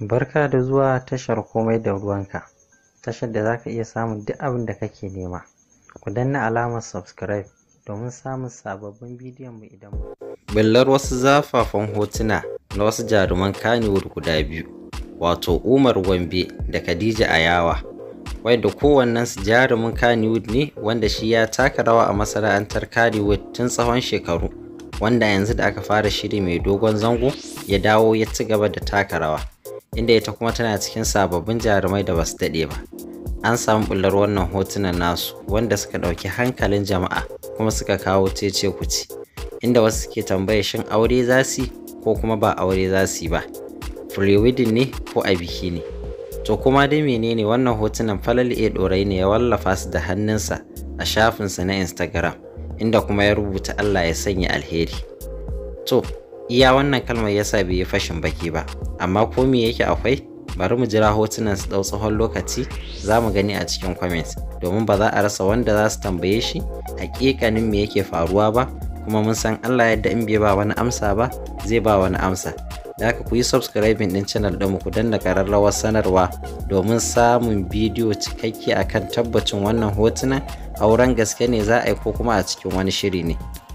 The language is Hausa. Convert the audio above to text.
Barka da zuwa tashar komai da ruwanka, tashar da za ka iya samun duk abin da kake nema. Ku danna alamar subscribe domin samun sababbin bidiyon mu idan Billar wasu zafafan hotuna na wasu jaruman Kannywood guda biyu, wato Umar Gombe da Khadija Ayawa, kowannen su jarumin Kannywood ne wanda shi ya taka rawa a masana'antar kanewar tun tsawon shekaru, wanda yanzu da aka fara shiri mai dogon zango ya dawo ya ci gaba da taka rawa. inda ita kuma tana cikin sababbin jarumai da basu daɗe ba an samu bullar wannan hotunan nasu wanda suka ɗauki hankalin jama'a kuma suka kawo cece kuci inda wasu suke tambaye shin aure za su ko kuma ba aure za su ba pre-wedding ne ko a biki ne to kuma dai menene wannan hotunan falal e dorai ne ya wallafa su da hannunsa a shafinsa na instagram inda kuma ya rubuta allah ya sanya alheri to iya wannan kalmar yasa bai yi fashin baki ba amma ko me yake akwai bari mu jira hotunan su ɗau tsawon lokaci za mu gani a cikin comments domin ba za a rasa wanda za su tambaye shi hakikanin me yake faruwa ba kuma mun san Allah yadda in bai ba wani amsa ba zai ba wani amsa da ka ku yi subscribing din channel mu ku danna ƙararrawar sanarwa domin samun bidiyo cikakke akan tabbacin wannan hotunan? auren gaske ne za a yi ko kuma a cikin wani shiri ne